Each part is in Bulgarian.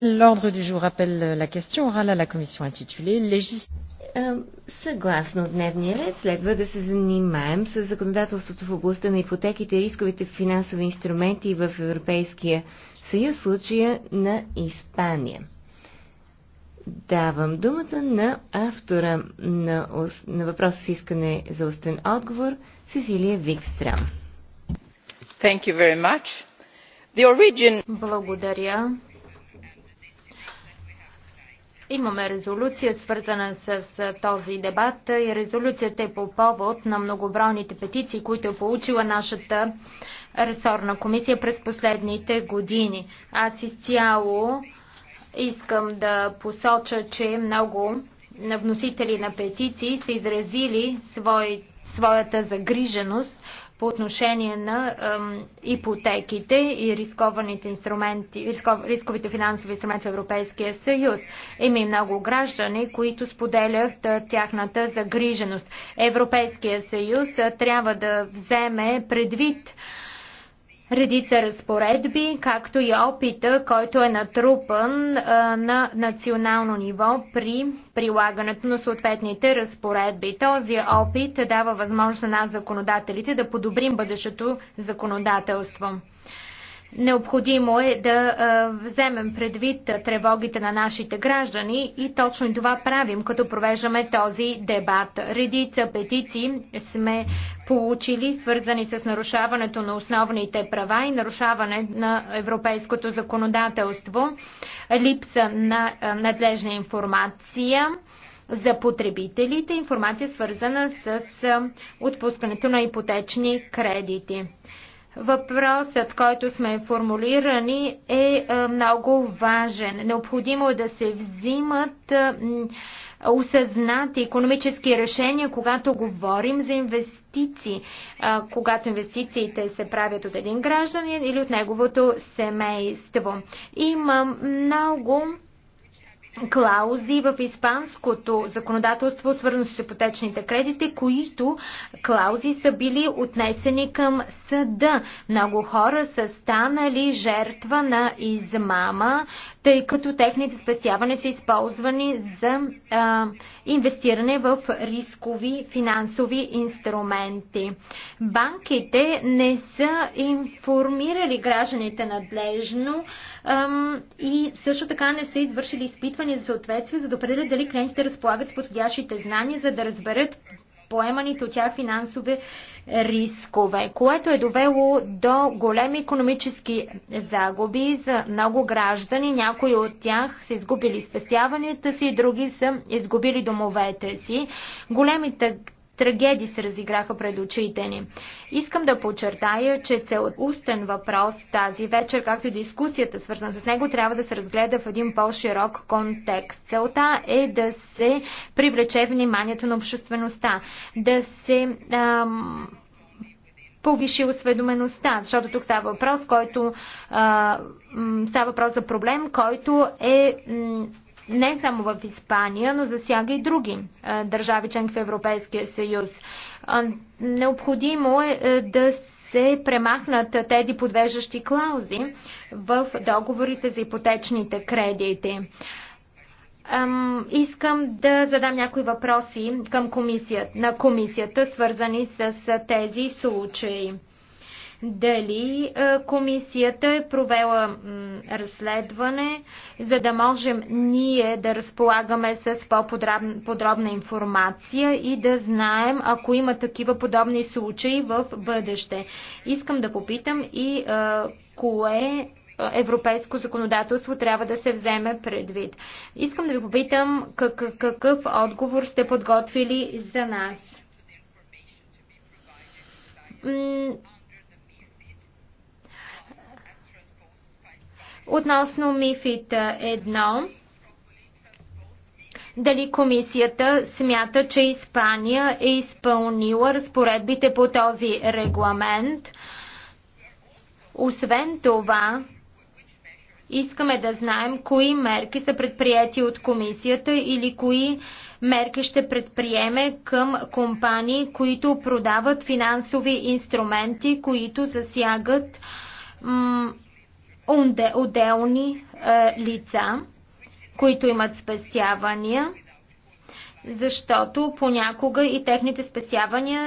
L'ordre du jour appelle la question orale à la commission intitulée е, Съгласно дневния ред, следва да се занимаем с законодателството в областта на ипотеките, рисковите финансови инструменти в Европейския съюз, случая на Испания. Давам думата на автора на, на въпроса с искане за устен отговор, Сесилия Викстрам. Благодаря. Имаме резолюция, свързана с този дебат и резолюцията е по повод на многобройните петиции, които е получила нашата ресорна комисия през последните години. Аз изцяло искам да посоча, че много на вносители на петиции са изразили свой, своята загриженост по отношение на ем, ипотеките и рискованите инструменти, рисков, рисковите финансови инструменти в Европейския съюз. Има и много граждани, които споделят тяхната загриженост. Европейския съюз трябва да вземе предвид редица разпоредби, както и опита, който е натрупан а, на национално ниво при прилагането на съответните разпоредби. Този опит дава възможност на нас, законодателите, да подобрим бъдещето законодателство. Необходимо е да а, вземем предвид тревогите на нашите граждани и точно и това правим, като провеждаме този дебат. Редица петиции сме получили, свързани с нарушаването на основните права и нарушаване на европейското законодателство, липса на надлежна информация за потребителите, информация свързана с отпускането на ипотечни кредити. Въпросът, който сме формулирани, е, е много важен. Необходимо е да се взимат е, осъзнати економически решения, когато говорим за инвестиции, е, когато инвестициите се правят от един гражданин или от неговото семейство. Има много клаузи в испанското законодателство, свързано с ипотечните кредити, които клаузи са били отнесени към съда. Много хора са станали жертва на измама, тъй като техните спестяване са използвани за а, инвестиране в рискови финансови инструменти. Банките не са информирали гражданите надлежно и също така не са извършили изпитвания за съответствие, за да определят дали клиентите разполагат с подходящите знания, за да разберат поеманите от тях финансови рискове, което е довело до големи економически загуби за много граждани. Някои от тях са изгубили спестяванията си, други са изгубили домовете си. Големите трагедии се разиграха пред очите ни. Искам да подчертая, че целът устен въпрос тази вечер, както и дискусията свързана с него, трябва да се разгледа в един по-широк контекст. Целта е да се привлече вниманието на обществеността, да се ам, повиши осведомеността, защото тук става въпрос, който а, става въпрос за проблем, който е не само в Испания, но засяга и други е, държави членки в Европейския съюз. Необходимо е, е да се премахнат тези подвеждащи клаузи в договорите за ипотечните кредити. Искам да задам някои въпроси към комисията, на комисията, свързани с тези случаи дали е, комисията е провела разследване, за да можем ние да разполагаме с по-подробна информация и да знаем, ако има такива подобни случаи в бъдеще. Искам да попитам и е, кое е, европейско законодателство трябва да се вземе предвид. Искам да ви попитам какъв отговор сте подготвили за нас Относно МИФИТ 1, дали комисията смята, че Испания е изпълнила разпоредбите по този регламент? Освен това, искаме да знаем кои мерки са предприяти от комисията или кои мерки ще предприеме към компании, които продават финансови инструменти, които засягат отделни е, лица, които имат спестявания, защото понякога и техните спестявания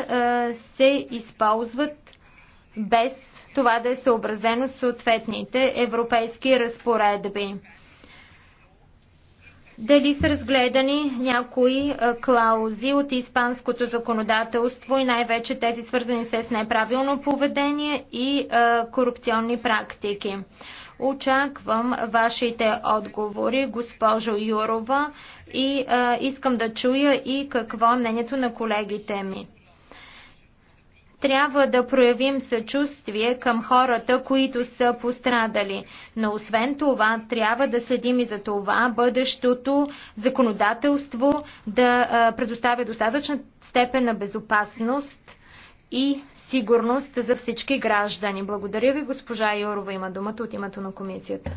е, се използват без това да е съобразено с съответните европейски разпоредби дали са разгледани някои е, клаузи от испанското законодателство и най-вече тези свързани с неправилно поведение и е, корупционни практики. Очаквам вашите отговори, госпожо Юрова, и е, искам да чуя и какво е мнението на колегите ми. Трябва да проявим съчувствие към хората, които са пострадали. Но освен това, трябва да следим и за това бъдещото законодателство да предоставя достатъчна степен на безопасност и сигурност за всички граждани. Благодаря ви, госпожа Йорова има думата от името на комисията.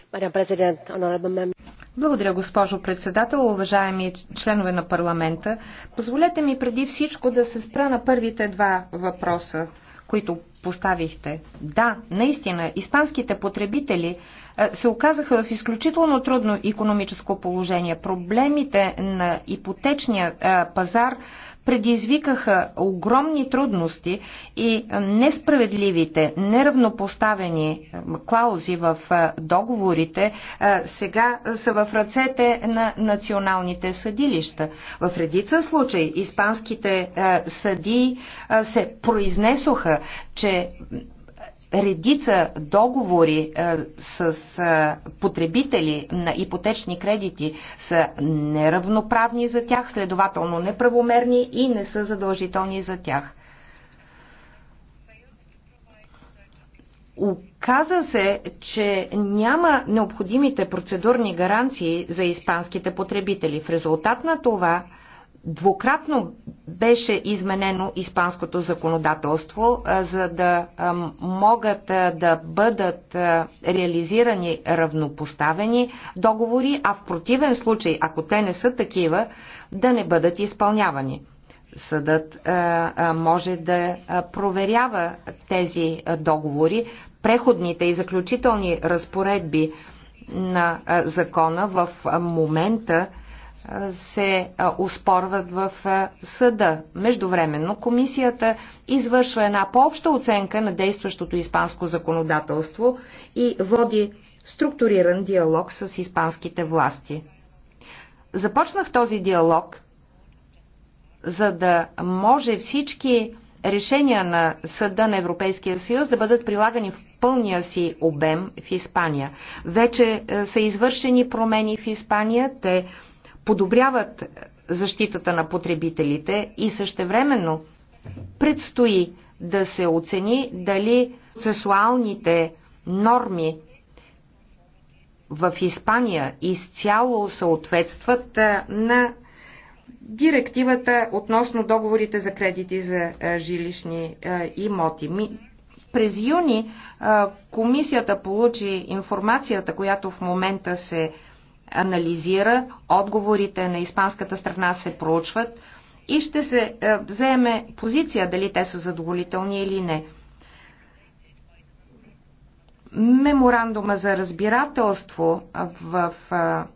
Благодаря, госпожо председател, уважаеми членове на парламента. Позволете ми преди всичко да се спра на първите два въпроса, които поставихте. Да, наистина, испанските потребители е, се оказаха в изключително трудно економическо положение. Проблемите на ипотечния е, пазар предизвикаха огромни трудности и несправедливите, неравнопоставени клаузи в договорите сега са в ръцете на националните съдилища. В редица случаи испанските съдии се произнесоха, че редица договори е, с е, потребители на ипотечни кредити са неравноправни за тях, следователно неправомерни и не са задължителни за тях. Оказа се, че няма необходимите процедурни гаранции за испанските потребители. В резултат на това Двукратно беше изменено испанското законодателство, за да могат да бъдат реализирани равнопоставени договори, а в противен случай, ако те не са такива, да не бъдат изпълнявани. Съдът може да проверява тези договори. Преходните и заключителни разпоредби на закона в момента се успорват в съда. Междувременно комисията извършва една по-обща оценка на действащото испанско законодателство и води структуриран диалог с испанските власти. Започнах този диалог, за да може всички решения на Съда на Европейския съюз да бъдат прилагани в пълния си обем в Испания. Вече е, са извършени промени в Испания, те подобряват защитата на потребителите и същевременно предстои да се оцени дали сексуалните норми в Испания изцяло съответстват на директивата относно договорите за кредити за жилищни имоти. През юни комисията получи информацията, която в момента се анализира, отговорите на испанската страна се проучват и ще се вземе е, позиция дали те са задоволителни или не. Меморандума за разбирателство в е,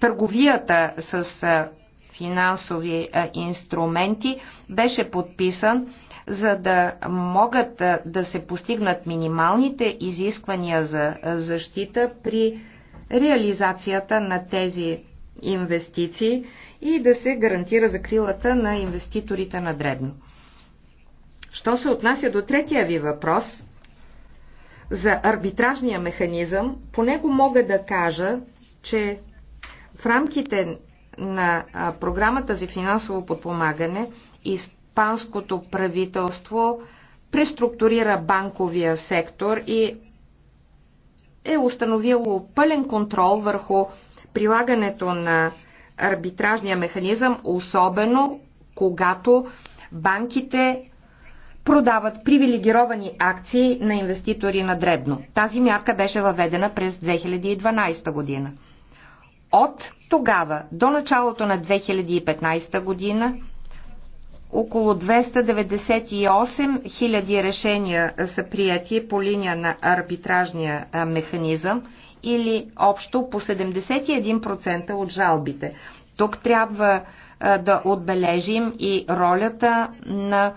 търговията с е, финансови инструменти беше подписан за да могат да се постигнат минималните изисквания за защита при реализацията на тези инвестиции и да се гарантира закрилата на инвеститорите на дребно. Що се отнася до третия ви въпрос за арбитражния механизъм, по него мога да кажа, че в рамките на програмата за финансово подпомагане и испанското правителство преструктурира банковия сектор и е установило пълен контрол върху прилагането на арбитражния механизъм, особено когато банките продават привилегировани акции на инвеститори на дребно. Тази мярка беше въведена през 2012 година. От тогава до началото на 2015 година около 298 000 решения са прияти по линия на арбитражния механизъм или общо по 71% от жалбите. Тук трябва да отбележим и ролята на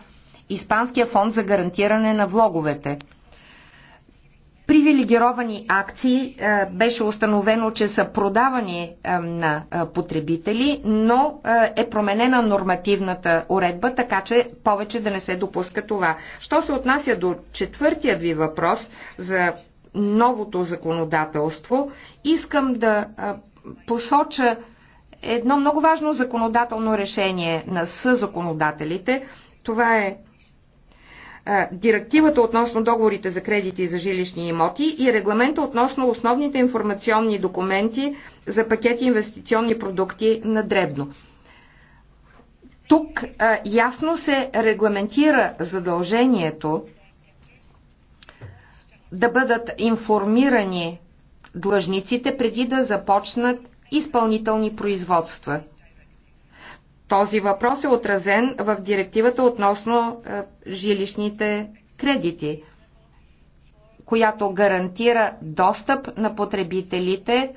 Испанския фонд за гарантиране на влоговете привилегировани акции е, беше установено, че са продавани е, на е, потребители, но е променена нормативната уредба, така че повече да не се допуска това. Що се отнася до четвъртия ви въпрос за новото законодателство, искам да посоча едно много важно законодателно решение на съзаконодателите. Това е директивата относно договорите за кредити за жилищни имоти и регламента относно основните информационни документи за пакети инвестиционни продукти на дребно. Тук а, ясно се регламентира задължението да бъдат информирани длъжниците преди да започнат изпълнителни производства. Този въпрос е отразен в директивата относно е, жилищните кредити, която гарантира достъп на потребителите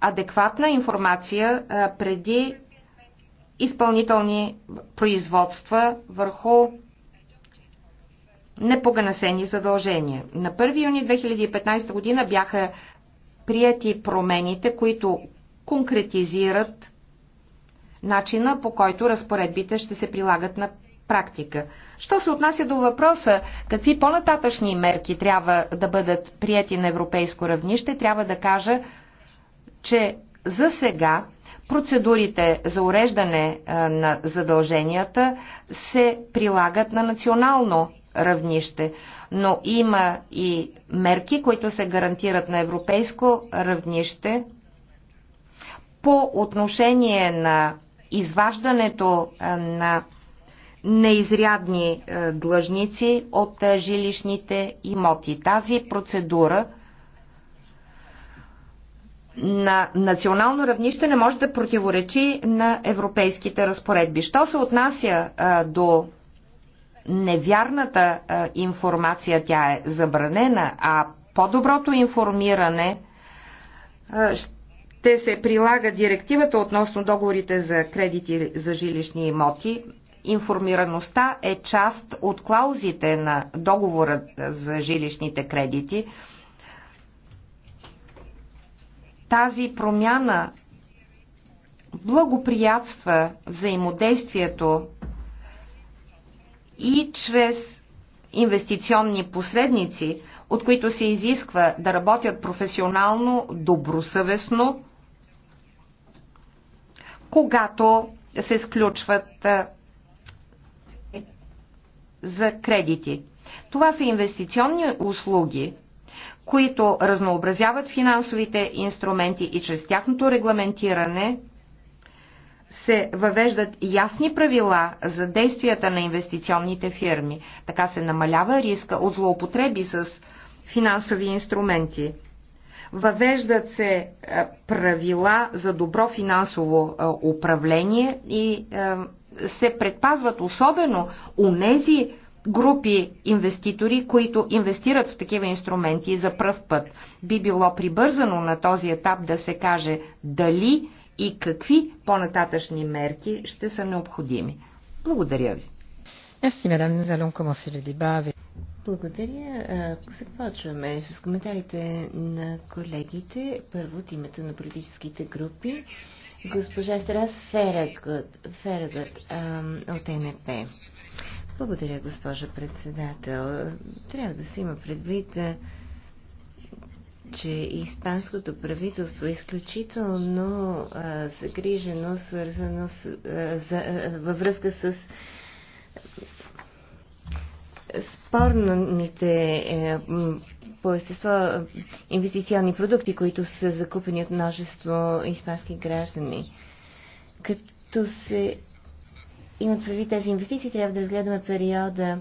адекватна информация е, преди изпълнителни производства върху непогасени задължения. На 1 юни 2015 година бяха прияти промените, които конкретизират начина по който разпоредбите ще се прилагат на практика. Що се отнася до въпроса какви по-нататъчни мерки трябва да бъдат прияти на европейско равнище, трябва да кажа, че за сега процедурите за уреждане на задълженията се прилагат на национално равнище, но има и мерки, които се гарантират на европейско равнище по отношение на изваждането на неизрядни длъжници от жилищните имоти. Тази процедура на национално равнище не може да противоречи на европейските разпоредби. Що се отнася до невярната информация, тя е забранена, а по-доброто информиране ще ще се прилага директивата относно договорите за кредити за жилищни имоти. Информираността е част от клаузите на договора за жилищните кредити. Тази промяна благоприятства взаимодействието и чрез инвестиционни посредници, от които се изисква да работят професионално, добросъвестно, когато се сключват за кредити. Това са инвестиционни услуги, които разнообразяват финансовите инструменти и чрез тяхното регламентиране се въвеждат ясни правила за действията на инвестиционните фирми. Така се намалява риска от злоупотреби с финансови инструменти. Въвеждат се е, правила за добро финансово е, управление и е, се предпазват особено у нези групи инвеститори, които инвестират в такива инструменти за пръв път. Би било прибързано на този етап да се каже дали и какви по-нататъчни мерки ще са необходими. Благодаря ви. Merci, madame. Nous allons commencer le débat avec... Благодаря. Започваме с коментарите на колегите. Първо от името на политическите групи. Госпожа Страс Ферагът, Ферагът от НП. Благодаря, госпожа председател. Трябва да се има предвид, че испанското правителство е изключително а, загрижено, свързано с, а, за, а, във връзка с спорните е, по естество инвестиционни продукти, които са закупени от множество испански граждани. Като се имат прави тези инвестиции, трябва да разгледаме периода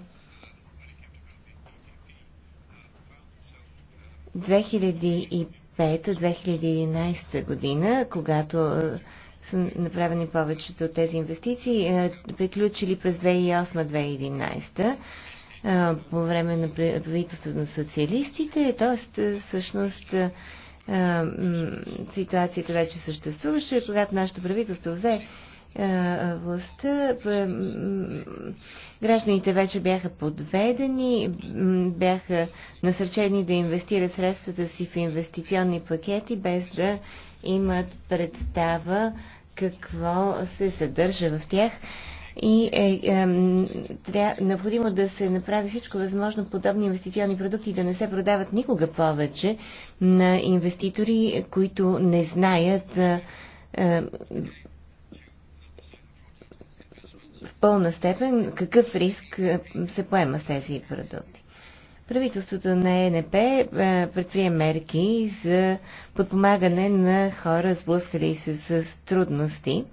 2005-2011 година, когато е, са направени повечето от тези инвестиции, е, приключили през 2008-2011 по време на правителството на социалистите, т.е. всъщност ситуацията вече съществуваше, когато нашето правителство взе властта. Гражданите вече бяха подведени, бяха насърчени да инвестират средствата си в инвестиционни пакети, без да имат представа какво се съдържа в тях и е, е, трябва, необходимо да се направи всичко възможно подобни инвестиционни продукти да не се продават никога повече на инвеститори, които не знаят е, е, в пълна степен какъв риск е, се поема с тези продукти. Правителството на ЕНП е, предприе мерки за подпомагане на хора, сблъскали се с трудности.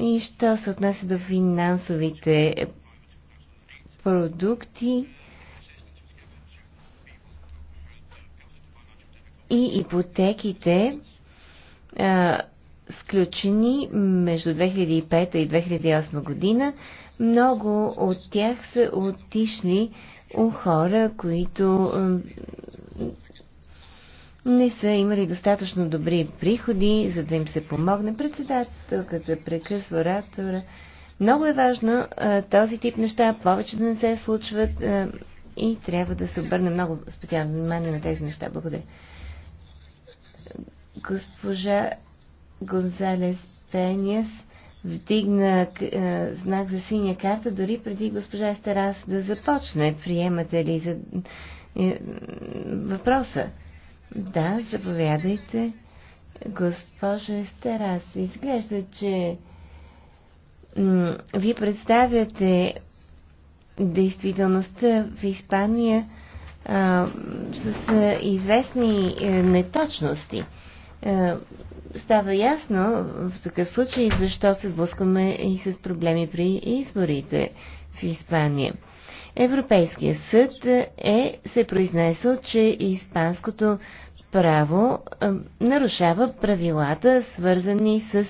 И що се отнася до финансовите продукти и ипотеките, а, сключени между 2005 и 2008 година, много от тях са отишли у хора, които не са имали достатъчно добри приходи, за да им се помогне. председател, е прекъсва оратора. Много е важно този тип неща повече да не се случват и трябва да се обърне много специално внимание на тези неща. Благодаря. Госпожа Гонзалес Пеняс вдигна знак за синя карта, дори преди госпожа Естерас да започне. Приемате ли за е, въпроса? Да, заповядайте. Госпожа Естерас, изглежда, че ви представяте действителността в Испания а, с а, известни а, е, неточности. А, е, става ясно в такъв случай защо се сблъскваме и с проблеми при изборите в Испания. Европейския съд е се произнесъл, че испанското право е, нарушава правилата, свързани с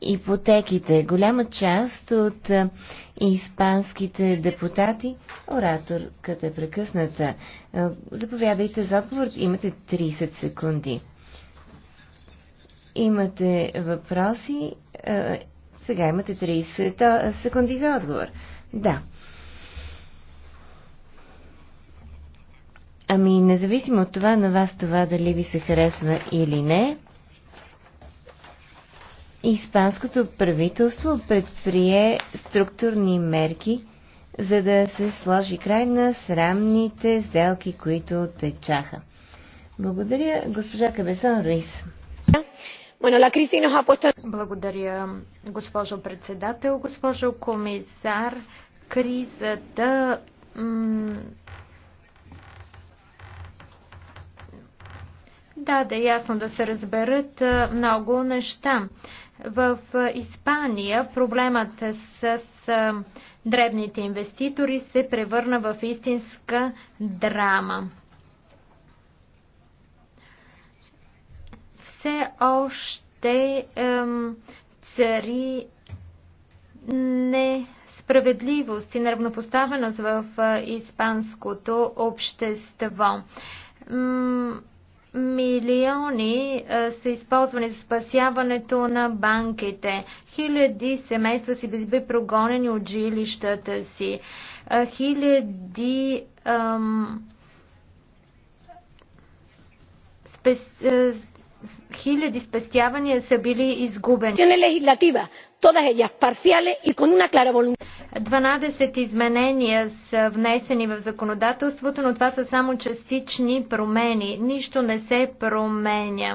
ипотеките. Голяма част от е, испанските депутати, ораторката е прекъсната. е, заповядайте за отговор. Имате 30 секунди. Имате въпроси. Сега имате 30 секунди за отговор. Да. Ами, независимо от това, на вас това дали ви се харесва или не, Испанското правителство предприе структурни мерки, за да се сложи край на срамните сделки, които течаха. Благодаря, госпожа Кабесон Руис. Благодаря, госпожо председател, госпожо комисар. Кризата Да, да е ясно да се разберат много неща. В Испания проблемът с дребните инвеститори се превърна в истинска драма. Все още ем, цари несправедливост и неравнопоставеност в испанското общество Милиони а, са използвани за спасяването на банките. Хиляди семейства си бе прогонени от жилищата си. А, хиляди ам, спес, а, хиляди спестявания са били изгубени. Легислатива, Todas ellas parciales y con una clara voluntad. 12 изменения са внесени в законодателството, но това са само частични промени. Нищо не се променя.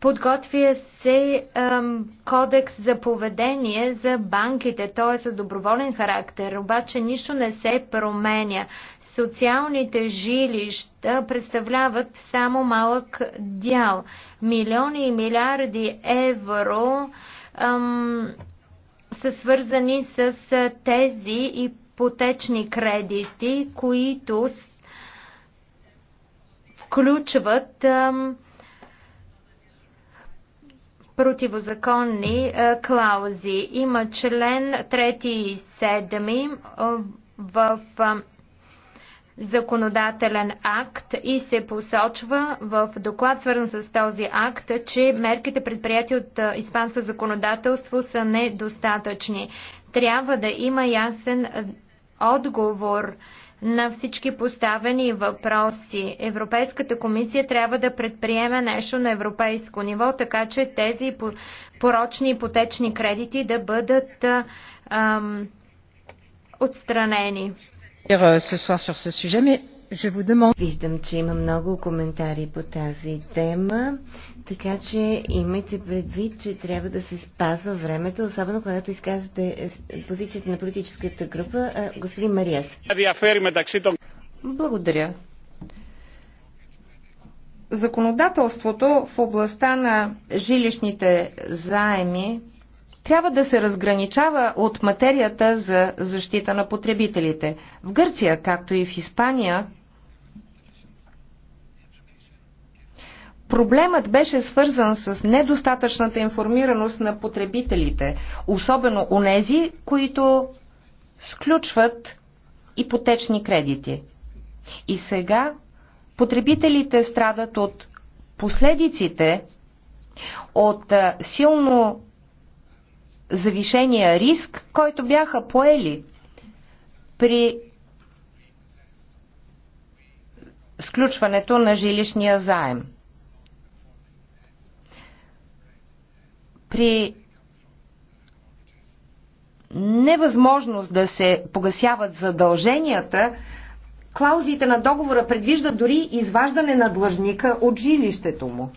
Подготвя се ем, кодекс за поведение за банките, т.е. с доброволен характер, обаче нищо не се променя. Социалните жилища представляват само малък дял. Милиони и милиарди евро ем, са свързани с тези ипотечни кредити, които включват противозаконни клаузи. Има член 3 и 7 в законодателен акт и се посочва в доклад, свързан с този акт, че мерките предприяти от испанско законодателство са недостатъчни. Трябва да има ясен отговор на всички поставени въпроси. Европейската комисия трябва да предприеме нещо на европейско ниво, така че тези порочни ипотечни кредити да бъдат ам, отстранени. Виждам, че има много коментари по тази тема, така че имайте предвид, че трябва да се спазва времето, особено когато изказвате е, позицията на политическата група. Господин Мариас. Благодаря. Законодателството в областта на жилищните заеми трябва да се разграничава от материята за защита на потребителите. В Гърция, както и в Испания, Проблемът беше свързан с недостатъчната информираност на потребителите, особено у нези, които сключват ипотечни кредити. И сега потребителите страдат от последиците от силно завишения риск, който бяха поели при сключването на жилищния заем. При невъзможност да се погасяват задълженията, клаузите на договора предвиждат дори изваждане на длъжника от жилището му.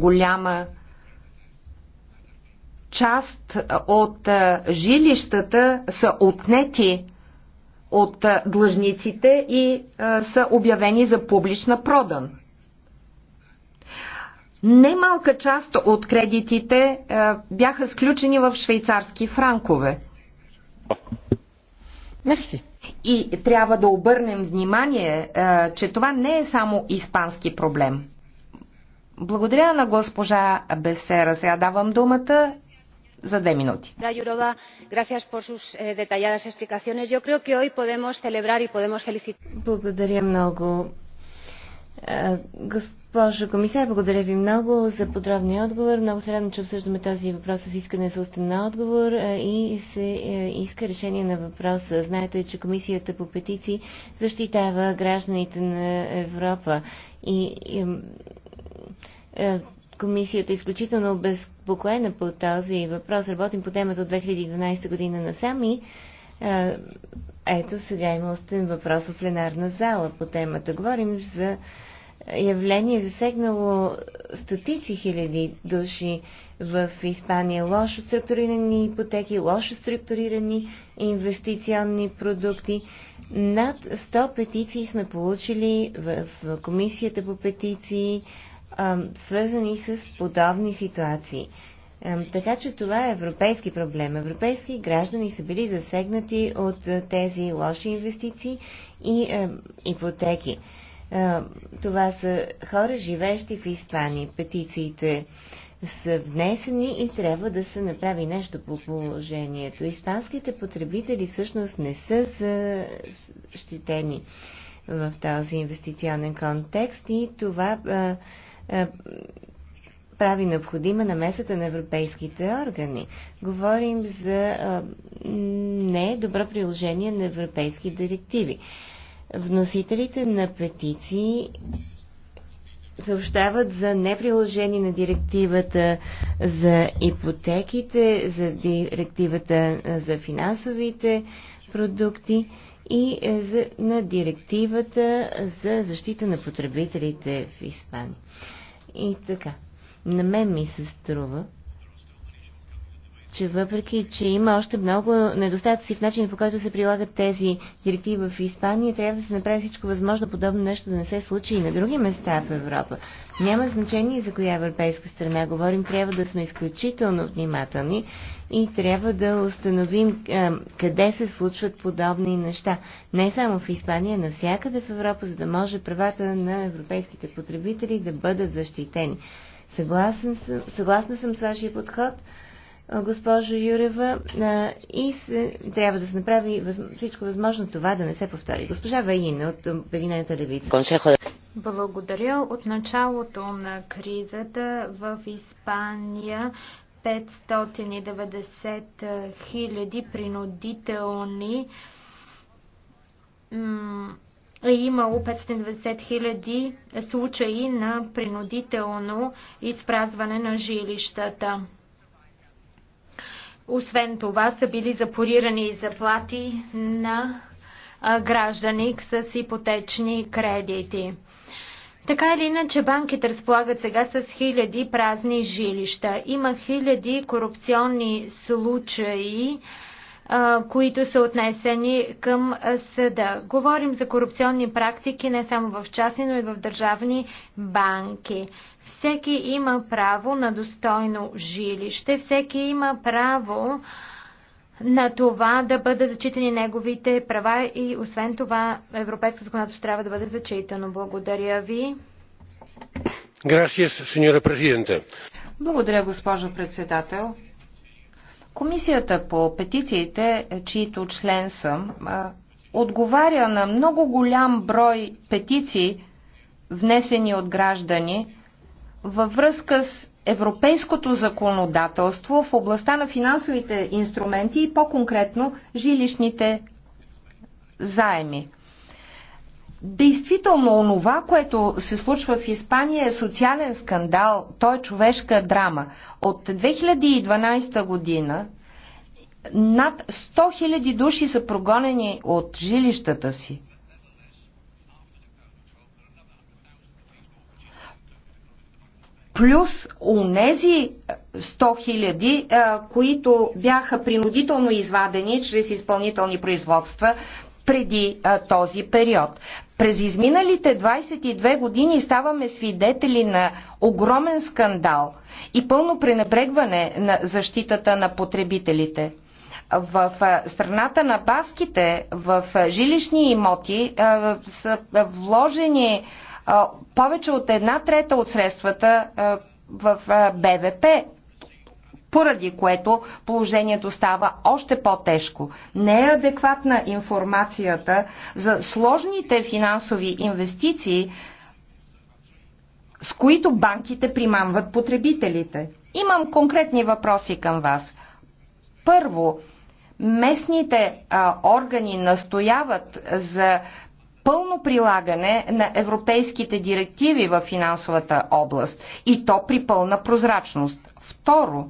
голяма част от жилищата са отнети от длъжниците и са обявени за публична продан. Немалка част от кредитите бяха сключени в швейцарски франкове. Мерси. И трябва да обърнем внимание, че това не е само испански проблем. Благодаря на госпожа Бесера. Сега давам думата за две минути. Eh, благодаря много. Е, госпожо комисар, благодаря ви много за подробния отговор. Много се радвам, че обсъждаме този въпрос с искане за устен на отговор е, и се е, иска решение на въпроса. Знаете, че Комисията по петиции защитава гражданите на Европа и е, комисията е изключително обезпокоена по този въпрос. Работим по темата от 2012 година насам и е, ето сега има остен въпрос в пленарна зала по темата. Говорим за явление, засегнало стотици хиляди души в Испания. Лошо структурирани ипотеки, лошо структурирани инвестиционни продукти. Над 100 петиции сме получили в Комисията по петиции, свързани с подобни ситуации. Така че това е европейски проблем. Европейски граждани са били засегнати от тези лоши инвестиции и ипотеки. Е, това са хора, живеещи в Испания. Петициите са внесени и трябва да се направи нещо по положението. Испанските потребители всъщност не са защитени в този инвестиционен контекст и това е, е, прави необходима намесата на европейските органи. Говорим за а, не добро приложение на европейски директиви. Вносителите на петиции съобщават за неприложение на директивата за ипотеките, за директивата за финансовите продукти и е, за, на директивата за защита на потребителите в Испания. И така, на мен ми се струва, че въпреки, че има още много недостатъци в начина по който се прилагат тези директиви в Испания, трябва да се направи всичко възможно подобно нещо да не се случи и на други места в Европа. Няма значение за коя европейска страна говорим, трябва да сме изключително внимателни и трябва да установим е, къде се случват подобни неща. Не само в Испания, навсякъде в Европа, за да може правата на европейските потребители да бъдат защитени. Съгласна съм, съгласна съм с вашия подход госпожо Юрева, и се, трябва да се направи въз, всичко възможно това да не се повтори. Госпожа Вейнина от Обединената левица. Благодаря. От началото на кризата в Испания 590 хиляди принудителни е имало 590 хиляди случаи на принудително изпразване на жилищата. Освен това са били запорирани и заплати на граждани с ипотечни кредити. Така или иначе банките разполагат сега с хиляди празни жилища. Има хиляди корупционни случаи, които са отнесени към съда. Говорим за корупционни практики не само в частни, но и в държавни банки. Всеки има право на достойно жилище, всеки има право на това да бъдат зачитани неговите права и освен това европейското законодателство трябва да бъде зачитано. Благодаря ви. Благодаря, госпожо председател. Комисията по петициите, чието член съм, отговаря на много голям брой петиции, внесени от граждани, във връзка с европейското законодателство в областта на финансовите инструменти и по-конкретно жилищните заеми. Действително, онова, което се случва в Испания е социален скандал, той е човешка драма. От 2012 година над 100 000 души са прогонени от жилищата си. Плюс унези 100 хиляди, които бяха принудително извадени чрез изпълнителни производства преди а, този период. През изминалите 22 години ставаме свидетели на огромен скандал и пълно пренебрегване на защитата на потребителите. В страната на баските в жилищни имоти са вложени повече от една трета от средствата в БВП поради което положението става още по-тежко. Не е адекватна информацията за сложните финансови инвестиции, с които банките примамват потребителите. Имам конкретни въпроси към вас. Първо, местните а, органи настояват за пълно прилагане на европейските директиви в финансовата област и то при пълна прозрачност. Второ,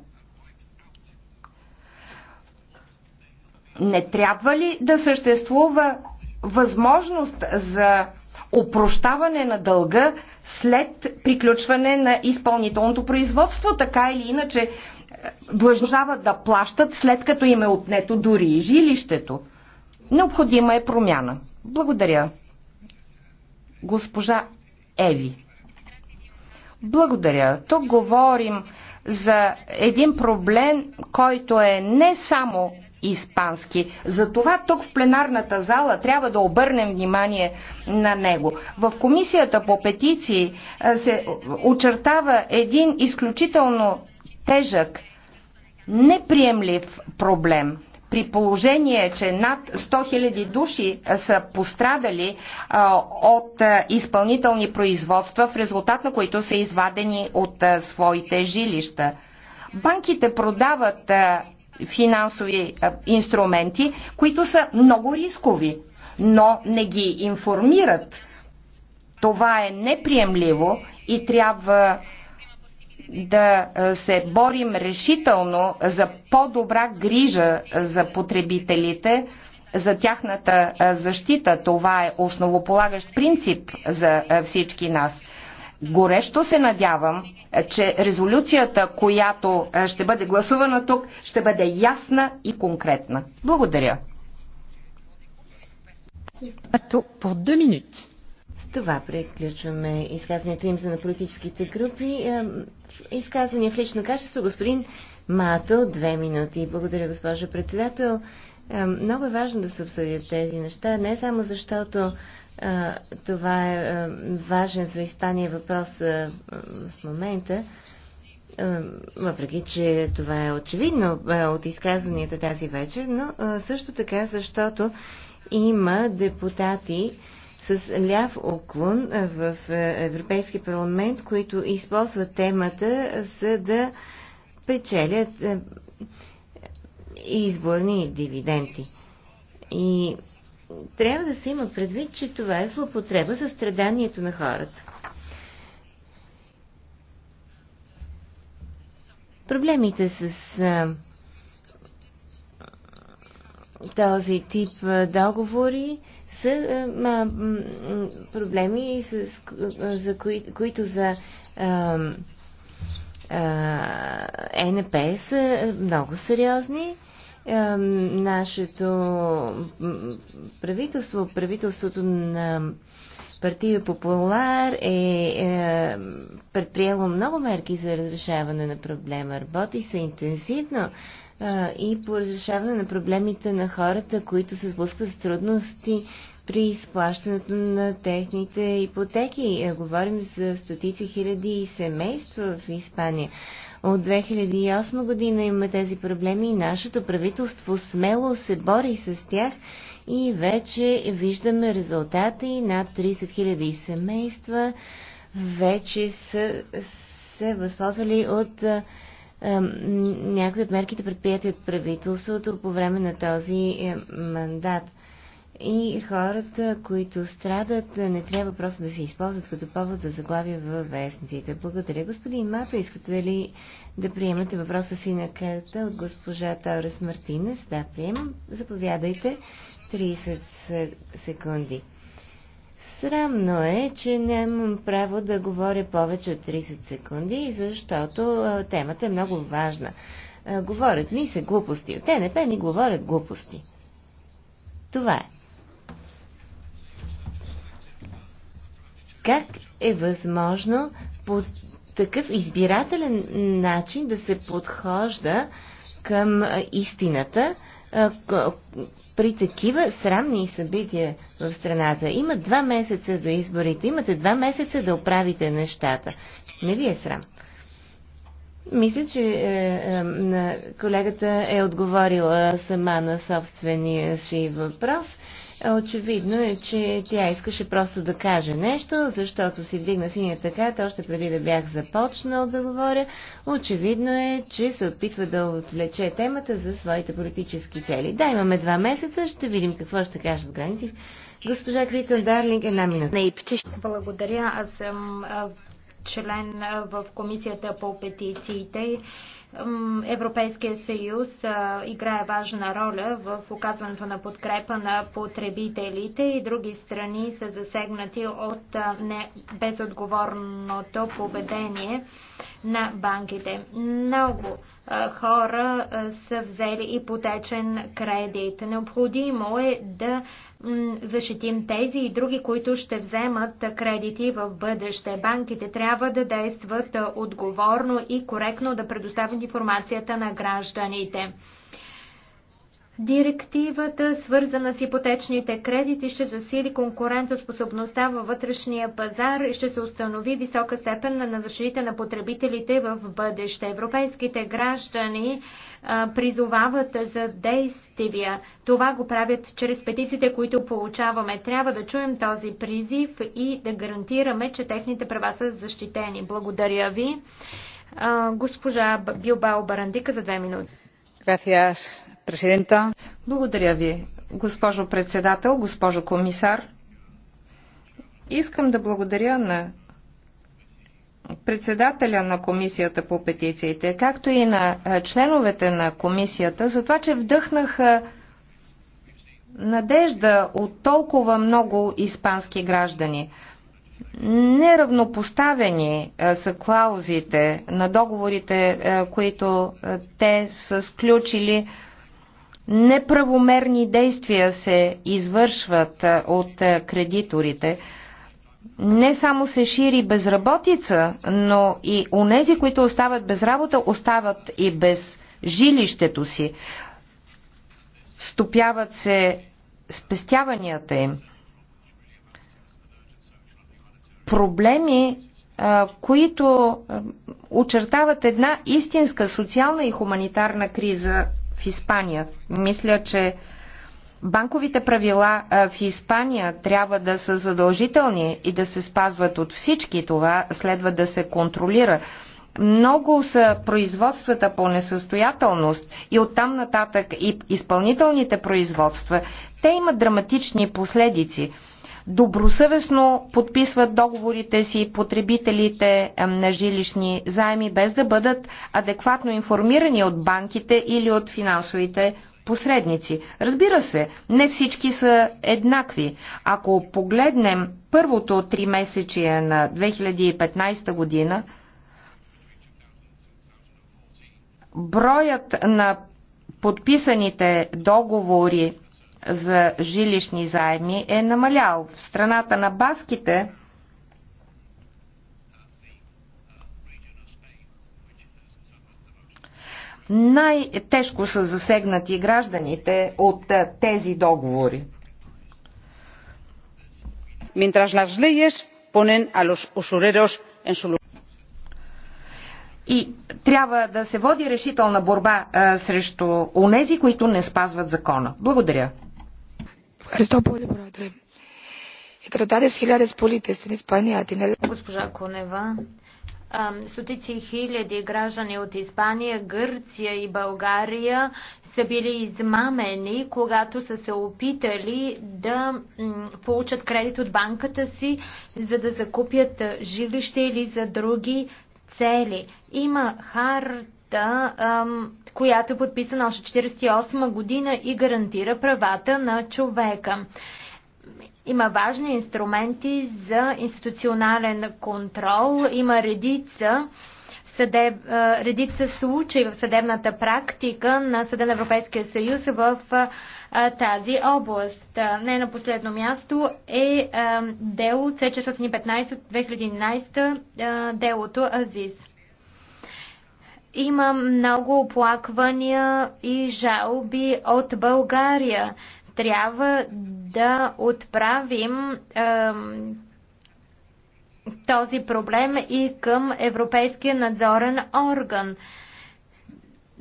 Не трябва ли да съществува възможност за опрощаване на дълга след приключване на изпълнителното производство, така или иначе е, длъжават да плащат след като им е отнето дори и жилището. Необходима е промяна. Благодаря. Госпожа Еви. Благодаря. Тук говорим за един проблем, който е не само испански. Затова тук в пленарната зала трябва да обърнем внимание на него. В комисията по петиции се очертава един изключително тежък, неприемлив проблем при положение, че над 100 000 души са пострадали а, от а, изпълнителни производства, в резултат на които са извадени от а, своите жилища. Банките продават а, финансови инструменти, които са много рискови, но не ги информират. Това е неприемливо и трябва да се борим решително за по-добра грижа за потребителите, за тяхната защита. Това е основополагащ принцип за всички нас. Горещо се надявам, е, че резолюцията, която е, ще бъде гласувана тук, ще бъде ясна и конкретна. Благодаря. По две минути. С това приключваме изказването им на политическите групи. Е, изказвания в лично качество, господин Мато, две минути. Благодаря, госпожа председател. Много е важно да се обсъдят тези неща, не само защото това е, е важен за Испания въпрос е, в момента, е, въпреки че това е очевидно от изказванията тази вечер, но също така, защото има депутати с ляв оклон в Европейския парламент, които използват темата, за да печелят изборни дивиденти. И трябва да се има предвид, че това е злопотреба за страданието на хората. Проблемите с а, този тип а, договори са а, а, проблеми, с, за кои, които за а, а, НП са много сериозни нашето правителство, правителството на партия Популар е, е предприело много мерки за разрешаване на проблема. Работи се интенсивно е, и по разрешаване на проблемите на хората, които се сблъскват с трудности при изплащането на техните ипотеки. Е, говорим за стотици хиляди семейства в Испания. От 2008 година има тези проблеми и нашето правителство смело се бори с тях и вече виждаме резултата и над 30 000 семейства вече са се възползвали от някои от мерките предприятия от правителството по време на този е, мандат и хората, които страдат, не трябва просто да се използват като повод за заглавия във вестниците. Благодаря. Господин Мато, искате ли да приемате въпроса си на карта от госпожа Торес Мартинес? Да, приемам. Заповядайте. 30 секунди. Срамно е, че нямам право да говоря повече от 30 секунди, защото темата е много важна. Говорят ни се глупости. От ТНП ни говорят глупости. Това е. Как е възможно по такъв избирателен начин да се подхожда към истината при такива срамни събития в страната? Има два месеца до изборите, имате два месеца да оправите нещата. Не ви е срам. Мисля, че е, е колегата е отговорила сама на собствения си въпрос. Очевидно е, че тя искаше просто да каже нещо, защото си вдигна синята така, още преди да бях започнал да говоря. Очевидно е, че се опитва да отвлече темата за своите политически цели. Да, имаме два месеца, ще видим какво ще кажат граници. Госпожа Кристен Дарлинг, една минута. Благодаря. Аз съм член в Комисията по петициите. Европейския съюз играе важна роля в оказването на подкрепа на потребителите и други страни са засегнати от безотговорното поведение на банките. Много хора са взели ипотечен кредит. Необходимо е да защитим тези и други, които ще вземат кредити в бъдеще. Банките трябва да действат отговорно и коректно да предоставят информацията на гражданите. Директивата, свързана с ипотечните кредити, ще засили конкурентоспособността във вътрешния пазар и ще се установи висока степен на защита на потребителите в бъдеще. Европейските граждани а, призовават за действия. Това го правят чрез петициите, които получаваме. Трябва да чуем този призив и да гарантираме, че техните права са защитени. Благодаря ви. А, госпожа Билбао Барандика за две минути. Gracias, Президента. Благодаря ви, госпожо председател, госпожо комисар. Искам да благодаря на председателя на комисията по петициите, както и на членовете на комисията, за това, че вдъхнаха надежда от толкова много испански граждани. Неравнопоставени са клаузите на договорите, които те са сключили Неправомерни действия се извършват от кредиторите. Не само се шири безработица, но и онези, които остават без работа, остават и без жилището си. Стопяват се спестяванията им. Проблеми, които очертават една истинска социална и хуманитарна криза в Испания. Мисля, че банковите правила в Испания трябва да са задължителни и да се спазват от всички. Това следва да се контролира. Много са производствата по несъстоятелност и оттам нататък и изпълнителните производства. Те имат драматични последици добросъвестно подписват договорите си потребителите на жилищни заеми, без да бъдат адекватно информирани от банките или от финансовите посредници. Разбира се, не всички са еднакви. Ако погледнем първото три месечие на 2015 година, броят на подписаните договори за жилищни заеми е намалял. В страната на баските най-тежко са засегнати гражданите от тези договори. Mientras las leyes ponen a los usureros en su lugar. И трябва да се води решителна борба а, срещу онези, които не спазват закона. Благодаря. Ευχαριστώ πολύ, Госпожа Конева, стотици хиляди граждани от Испания, Гърция и България са били измамени, когато са се опитали да получат кредит от банката си, за да закупят жилище или за други цели. Има харта, която е подписана още 1948 година и гарантира правата на човека. Има важни инструменти за институционален контрол. Има редица съдеб, редица случаи в съдебната практика на Съда на Европейския съюз в тази област. Не на последно място е дело C615 от 2011, делото Азис. Има много оплаквания и жалби от България. Трябва да отправим е, този проблем и към Европейския надзорен орган. Е,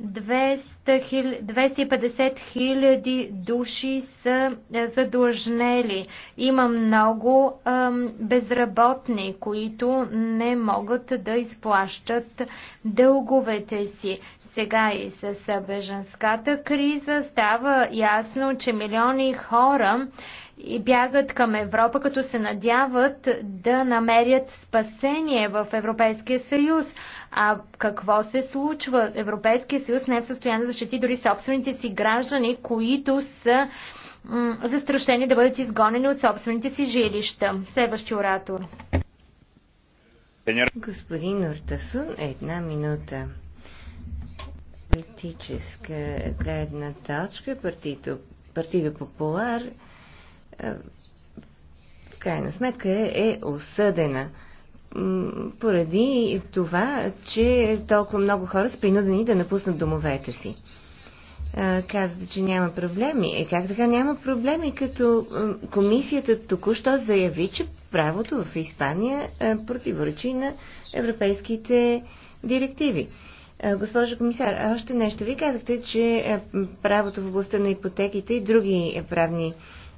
250 хиляди души са е, задлъжнели. Има много безработни, които не могат да изплащат дълговете си. Сега и с е, беженската криза става ясно, че милиони хора и бягат към Европа, като се надяват да намерят спасение в Европейския съюз. А какво се случва? Европейския съюз не е в състояние да защити дори собствените си граждани, които са застрашени да бъдат изгонени от собствените си жилища. Следващи оратор. Господин Ортасун, една минута. Политическа гледна точка, партито, партито Популар е, в крайна сметка е, е осъдена поради това, че толкова много хора са принудени да напуснат домовете си. Е, казвате, че няма проблеми. Е, как така няма проблеми, като комисията току-що заяви, че правото в Испания противоречи на европейските директиви. Госпожо комисар, още нещо. Ви казахте, че правото в областта на ипотеките и други правни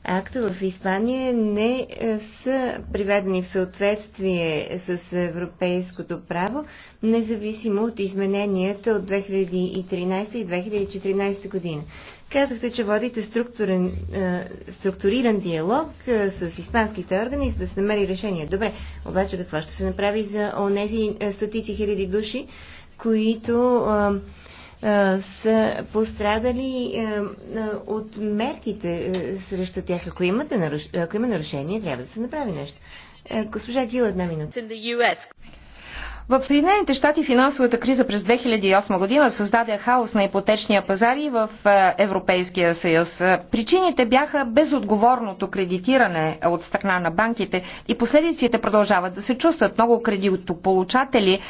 акта в Испания не е, са приведени в съответствие с европейското право, независимо от измененията от 2013 и 2014 година. Казахте, че водите структурен, е, структуриран диалог е, с испанските органи, за да се намери решение. Добре, обаче какво ще се направи за онези стотици хиляди души, които са пострадали от мерките срещу тях. Ако, имате, ако има нарушение, трябва да се направи нещо. Госпожа Гил, една минута. В Съединените щати финансовата криза през 2008 година създаде хаос на ипотечния пазар и в е, Европейския съюз. Е, причините бяха безотговорното кредитиране е, от страна на банките и последиците продължават да се чувстват. Много кредитополучатели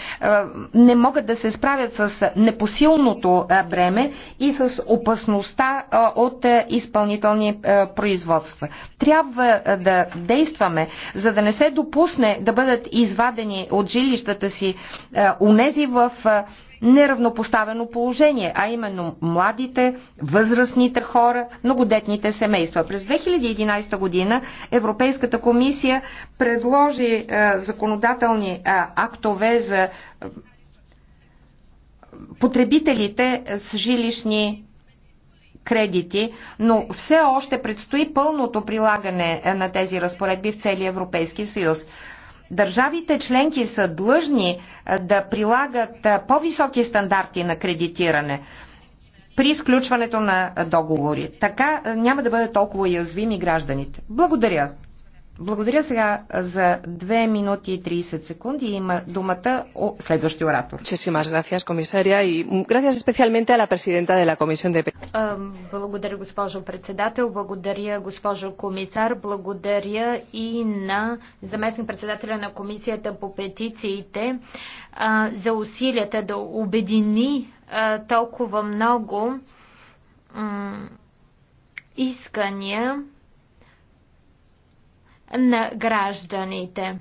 не могат да се справят с непосилното бреме и с опасността от изпълнителни производства. Трябва да действаме, за да не се допусне да бъдат извадени от жилищата си членки, е, унези в е, неравнопоставено положение, а именно младите, възрастните хора, многодетните семейства. През 2011 година Европейската комисия предложи е, законодателни актове за потребителите с жилищни кредити, но все още предстои пълното прилагане на тези разпоредби в целия Европейски съюз. Държавите членки са длъжни е, да прилагат е, по-високи стандарти на кредитиране при изключването на е, договори. Така няма да бъдат толкова язвими гражданите. Благодаря. Благодаря сега за 2 минути и 30 секунди. Има думата о следващия оратор. Muchísimas gracias, комисария, и gracias especialmente a la presidenta de la Comisión de Благодаря, госпожо председател, благодаря, госпожо комисар, благодаря и на заместник председателя на Комисията по петициите за усилията да обедини толкова много искания на гражданите.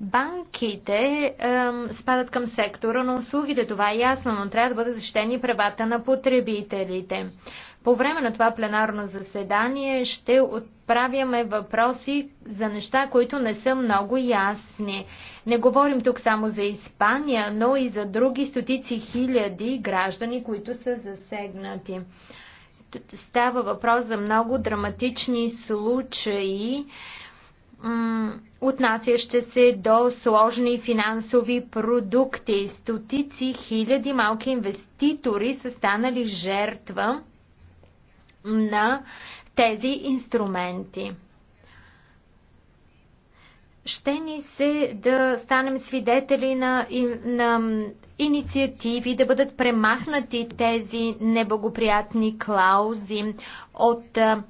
Банките ем, спадат към сектора на услугите, това е ясно, но трябва да бъдат защитени правата на потребителите. По време на това пленарно заседание ще отправяме въпроси за неща, които не са много ясни. Не говорим тук само за Испания, но и за други стотици хиляди граждани, които са засегнати става въпрос за много драматични случаи, отнасящи се до сложни финансови продукти. Стотици хиляди малки инвеститори са станали жертва на тези инструменти. Ще ни се да станем свидетели на, на инициативи, да бъдат премахнати тези неблагоприятни клаузи от а,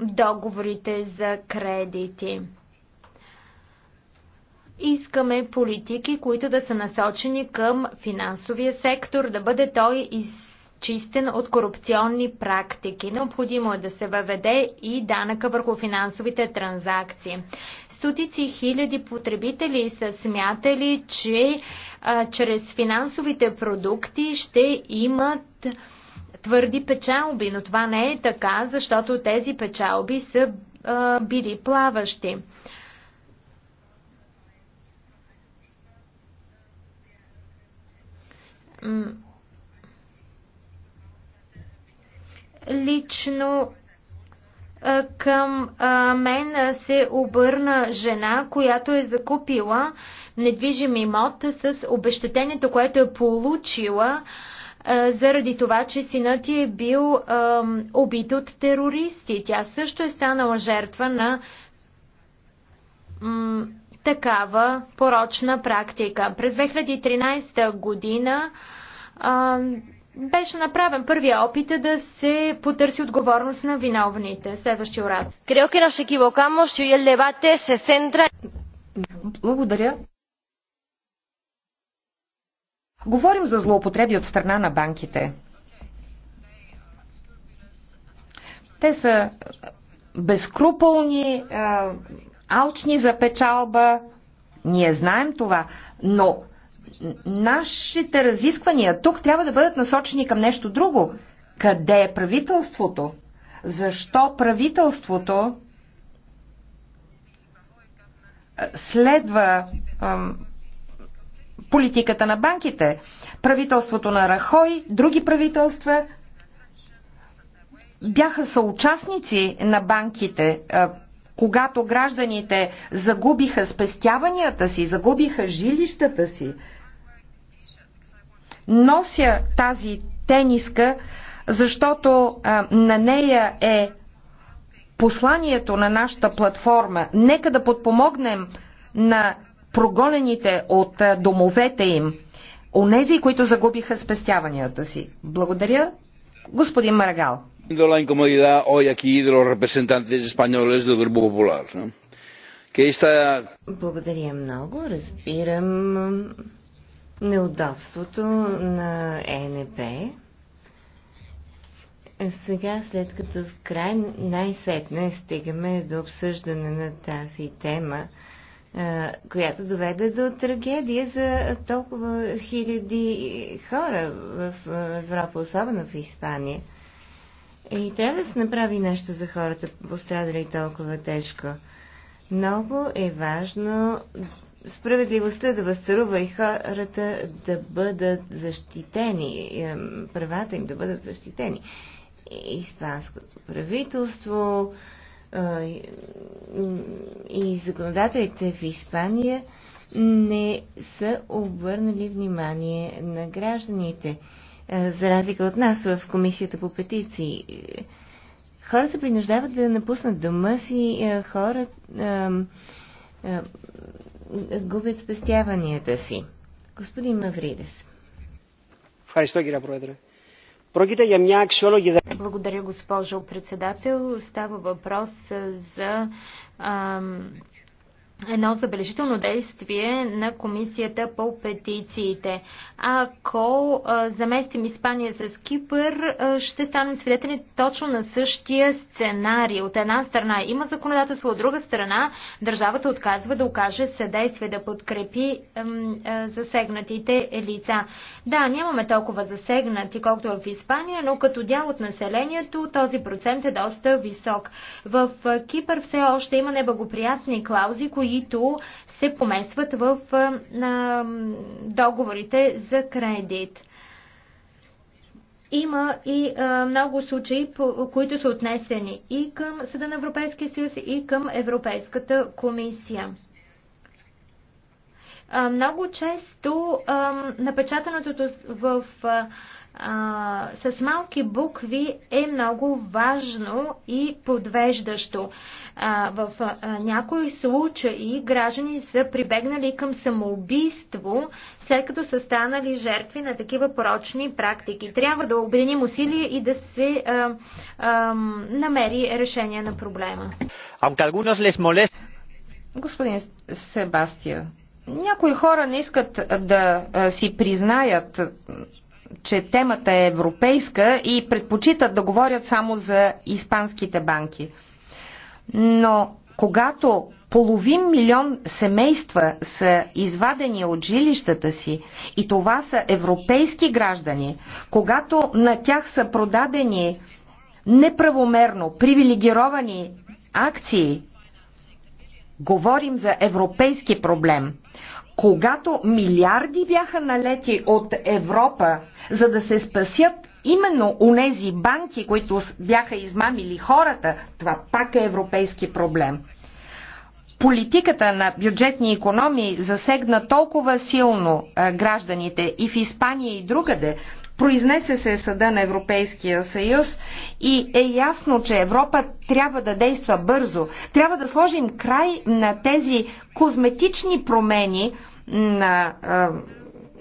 договорите за кредити. Искаме политики, които да са насочени към финансовия сектор, да бъде той из чистен от корупционни практики. Необходимо е да се въведе и данъка върху финансовите транзакции. Стотици хиляди потребители са смятали, че а, чрез финансовите продукти ще имат твърди печалби, но това не е така, защото тези печалби са а, били плаващи. М- Лично към мен се обърна жена, която е закупила недвижим имот с обещетението, което е получила заради това, че синът ти е бил убит от терористи. Тя също е станала жертва на такава порочна практика. През 2013 година беше направен първия опит е да се потърси отговорност на виновните. Следващия урад. Creo que nos equivocamos si el debate se centra... Благодаря. Говорим за злоупотреби от страна на банките. Те са безкруполни, алчни за печалба. Ние знаем това, но нашите разисквания тук трябва да бъдат насочени към нещо друго. Къде е правителството? Защо правителството следва ам, политиката на банките? Правителството на Рахой, други правителства бяха съучастници на банките, когато гражданите загубиха спестяванията си, загубиха жилищата си, Нося тази тениска, защото а, на нея е посланието на нашата платформа. Нека да подпомогнем на прогонените от домовете им, онези, които загубиха спестяванията си. Благодаря, господин Марагал. la incomodidad hoy aquí de los representantes españoles del Grupo Popular. ¿no? Que esta... Благодаря много. Разбирам неудобството на ЕНП. Сега, след като в край най-сетне стигаме до обсъждане на тази тема, която доведе до трагедия за толкова хиляди хора в Европа, особено в Испания. И трябва да се направи нещо за хората, пострадали толкова тежко. Много е важно справедливостта да възцарува и хората да бъдат защитени, правата им да бъдат защитени. Испанското правителство и законодателите в Испания не са обърнали внимание на гражданите, е, за разлика от нас в Комисията по петиции. Хора се принуждават да напуснат дома си, е, хора губят спестяванията си. Господин Мавридес. Благодаря, госпожо председател. Става въпрос за ам, едно забележително действие на комисията по петициите. Ако заместим Испания с Кипър, ще станем свидетели точно на същия сценарий. От една страна има законодателство, от друга страна държавата отказва да окаже съдействие, да подкрепи засегнатите лица. Да, нямаме толкова засегнати, колкото в Испания, но като дял от населението този процент е доста висок. В Кипър все още има неблагоприятни клаузи, които които се поместват в договорите за кредит. Има и а, много случаи, по, които са отнесени и към Съда на Европейския съюз, и към Европейската комисия. Много често напечатаното в, с малки букви е много важно и подвеждащо. В някои случаи граждани са прибегнали към самоубийство, след като са станали жертви на такива порочни практики. Трябва да обединим усилия и да се а, а, намери решение на проблема. Господин Себастия, някои хора не искат да си признаят, че темата е европейска и предпочитат да говорят само за испанските банки. Но когато половин милион семейства са извадени от жилищата си и това са европейски граждани, когато на тях са продадени неправомерно привилегировани акции, говорим за европейски проблем – когато милиарди бяха налети от Европа, за да се спасят именно унези банки, които бяха измамили хората, това пак е европейски проблем. Политиката на бюджетни економии засегна толкова силно гражданите и в Испания и другаде, Произнесе се съда на Европейския съюз и е ясно, че Европа трябва да действа бързо. Трябва да сложим край на тези козметични промени на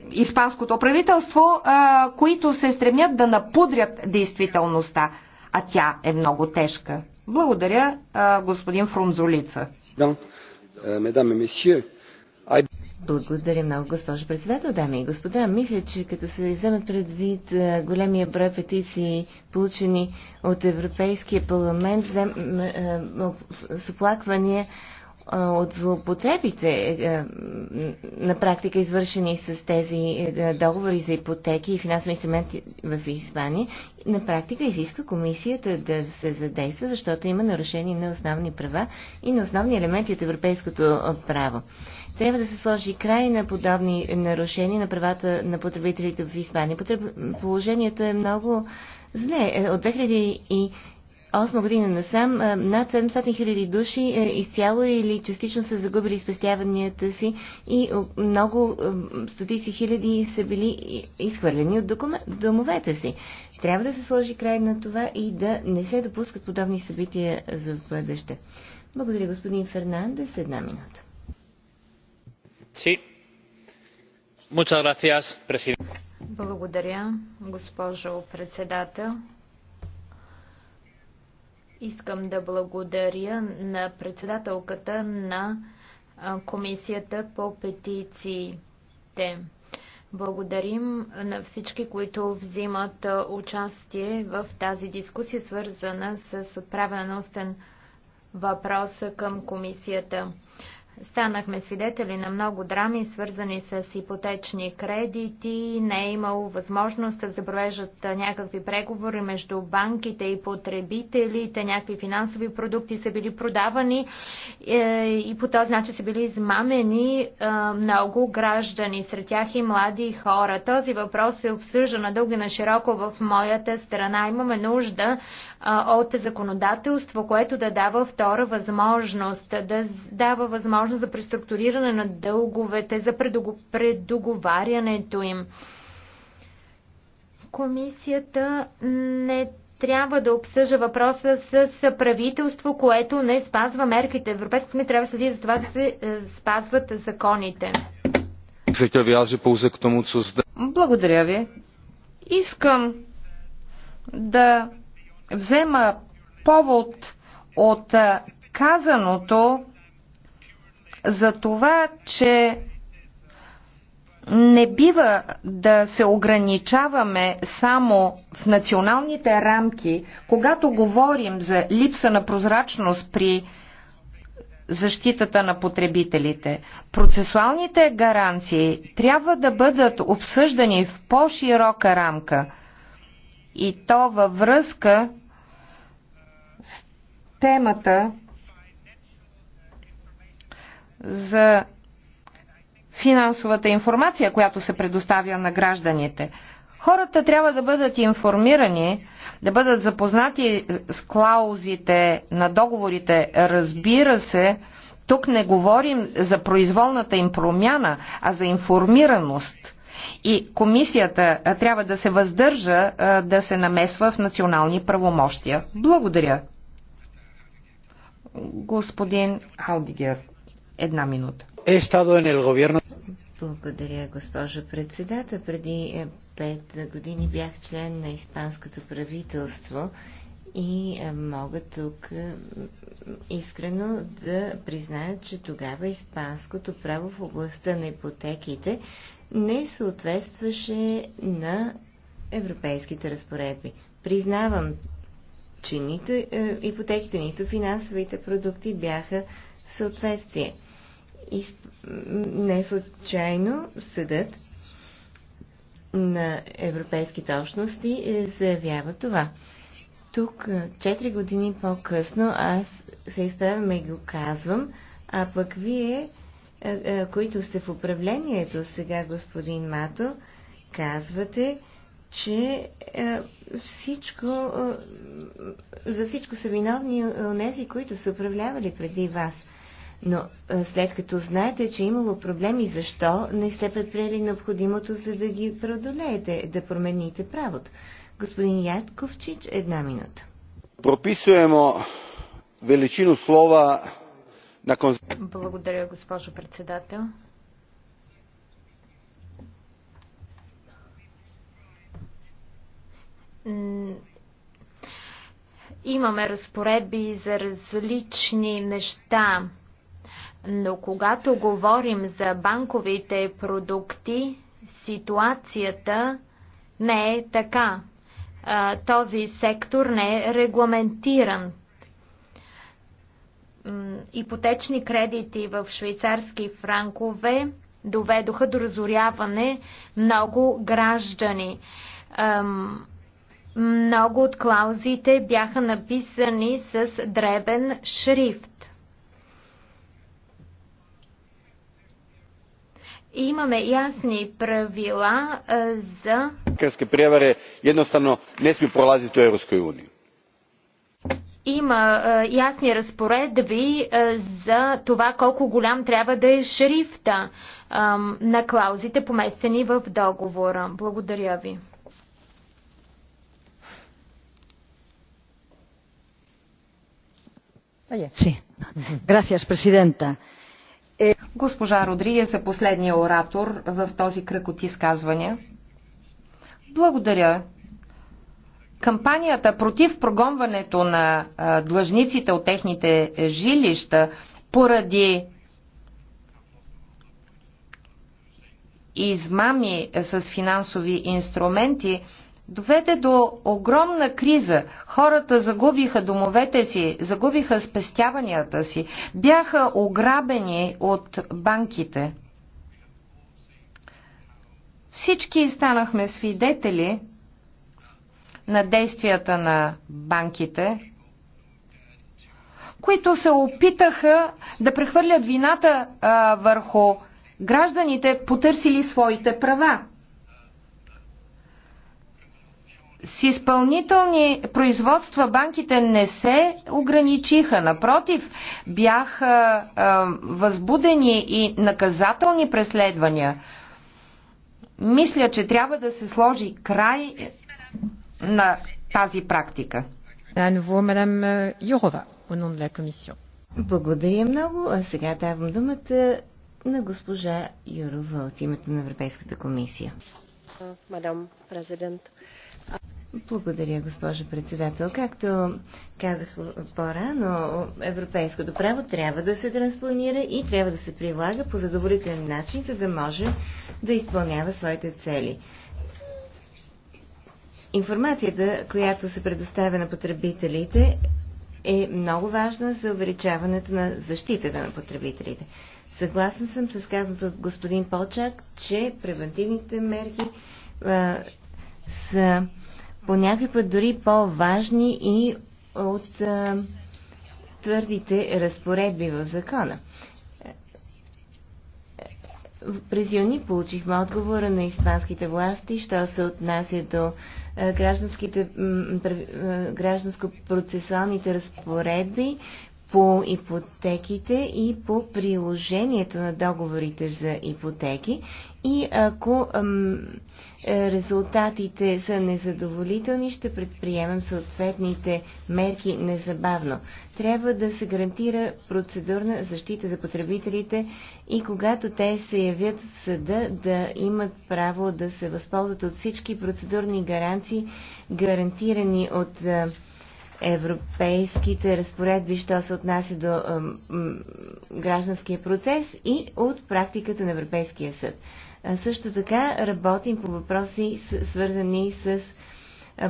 е, испанското правителство, е, които се стремят да напудрят действителността. А тя е много тежка. Благодаря, е, господин Фрунзолица. Да, медаме, месье. Благодаря много, госпожо председател. Дами и господа, мисля, че като се вземат предвид е, големия брой петиции, получени от Европейския парламент, е, е, с оплаквания от злоупотребите е, е, на практика извършени с тези е, договори за ипотеки и финансови инструменти в Испания, на практика изиска комисията да се задейства, защото има нарушение на основни права и на основни елементи от европейското право. Трябва да се сложи край на подобни нарушения на правата на потребителите в Испания. Положението е много зле. От 2000 2008 година насам над 700 000 души е, изцяло или частично са загубили спестяванията си и много стотици хиляди са били изхвърлени от домовете си. Трябва да се сложи край на това и да не се допускат подобни събития за бъдеще. Благодаря, господин Фернандес. Една минута. Sí. Muchas gracias, Благодаря, госпожо председател. Искам да благодаря на председателката на Комисията по петициите. Благодарим на всички, които взимат участие в тази дискусия, свързана с отправеностен въпрос към комисията. Станахме свидетели на много драми, свързани с ипотечни кредити. Не е имало възможност да забележат някакви преговори между банките и потребителите. Някакви финансови продукти са били продавани е, и по този начин са били измамени е, много граждани, сред тях и млади хора. Този въпрос се обсъжда надълго и на широко в моята страна. Имаме нужда от законодателство, което да дава втора възможност, да дава възможност за преструктуриране на дълговете, за предоговарянето им. Комисията не трябва да обсъжа въпроса с правителство, което не спазва мерките. Европейската комисия трябва да следи за това да се е, спазват законите. Благодаря ви. Искам да взема повод от казаното за това, че не бива да се ограничаваме само в националните рамки, когато говорим за липса на прозрачност при защитата на потребителите. Процесуалните гаранции трябва да бъдат обсъждани в по-широка рамка – и то във връзка с темата за финансовата информация, която се предоставя на гражданите. Хората трябва да бъдат информирани, да бъдат запознати с клаузите на договорите. Разбира се, тук не говорим за произволната им промяна, а за информираност. И комисията трябва да се въздържа да се намесва в национални правомощия. Благодаря. Господин Халдигер, една минута. Е е Благодаря, госпожа председател. Преди е, пет години бях член на Испанското правителство и е, мога тук е, искрено да призная, че тогава испанското право в областта на ипотеките не съответстваше на европейските разпоредби. Признавам, че нито е, ипотеките, нито финансовите продукти бяха в съответствие. И не случайно съдът на европейските общности заявява това тук, 4 години по-късно, аз се изправям и го казвам, а пък вие, които сте в управлението сега, господин Мато, казвате, че всичко, за всичко са виновни онези, които са управлявали преди вас. Но след като знаете, че е имало проблеми, защо не сте предприели необходимото, за да ги преодолеете, да промените правото? Господин Ятковчич, една минута. Прописуемо величину слова на конз... Благодаря, госпожо председател. Имаме разпоредби за различни неща, но когато говорим за банковите продукти, ситуацията не е така този сектор не е регламентиран. Ипотечни кредити в швейцарски франкове доведоха до разоряване много граждани. Много от клаузите бяха написани с дребен шрифт. имаме ясни правила за bankarske prijevare jednostavno ne smiju prolaziti u europskoj uniji. Има е, ясни разпоредби е, за това колко голям трябва да е шрифта е, на клаузите, поместени в договора. Благодаря ви. Sí. Gracias, presidenta. Госпожа Родригес е последния оратор в този кръг от изказвания. Благодаря. Кампанията против прогонването на длъжниците от техните е, жилища поради измами е, с финансови инструменти доведе до огромна криза. Хората загубиха домовете си, загубиха спестяванията си, бяха ограбени от банките. Всички станахме свидетели на действията на банките, които се опитаха да прехвърлят вината а, върху гражданите, потърсили своите права. С изпълнителни производства банките не се ограничиха. Напротив, бяха а, възбудени и наказателни преследвания. Мисля, че трябва да се сложи край на тази практика. Е, Благодаря много. А сега давам думата на госпожа Юрова от името на Европейската комисия. Мадам президент. Благодаря, госпожо председател. Както казах по-рано, европейското право трябва да се транспонира и трябва да се прилага по задоволителен начин, за да може да изпълнява своите цели. Информацията, която се предоставя на потребителите, е много важна за увеличаването на защитата на потребителите. Съгласен съм с казаното от господин Полчак, че превентивните мерки а, са по някой път дори по-важни и от а, твърдите разпоредби в закона. През юни получихме отговора на испанските власти, що се отнася до гражданско-процесуалните разпоредби по ипотеките и по приложението на договорите за ипотеки. И ако ам, е, резултатите са незадоволителни, ще предприемем съответните мерки незабавно. Трябва да се гарантира процедурна защита за потребителите и когато те се явят в съда, да имат право да се възползват от всички процедурни гаранции, гарантирани от. Ам, е, европейските разпоредби, що се отнася до гражданския процес и от практиката на Европейския съд. също така работим по въпроси, свързани с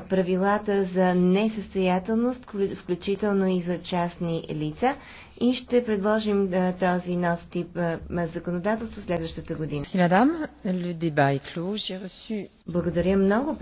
правилата за несъстоятелност, включително и за частни лица. И ще предложим този нов тип законодателство следващата година. Благодаря много.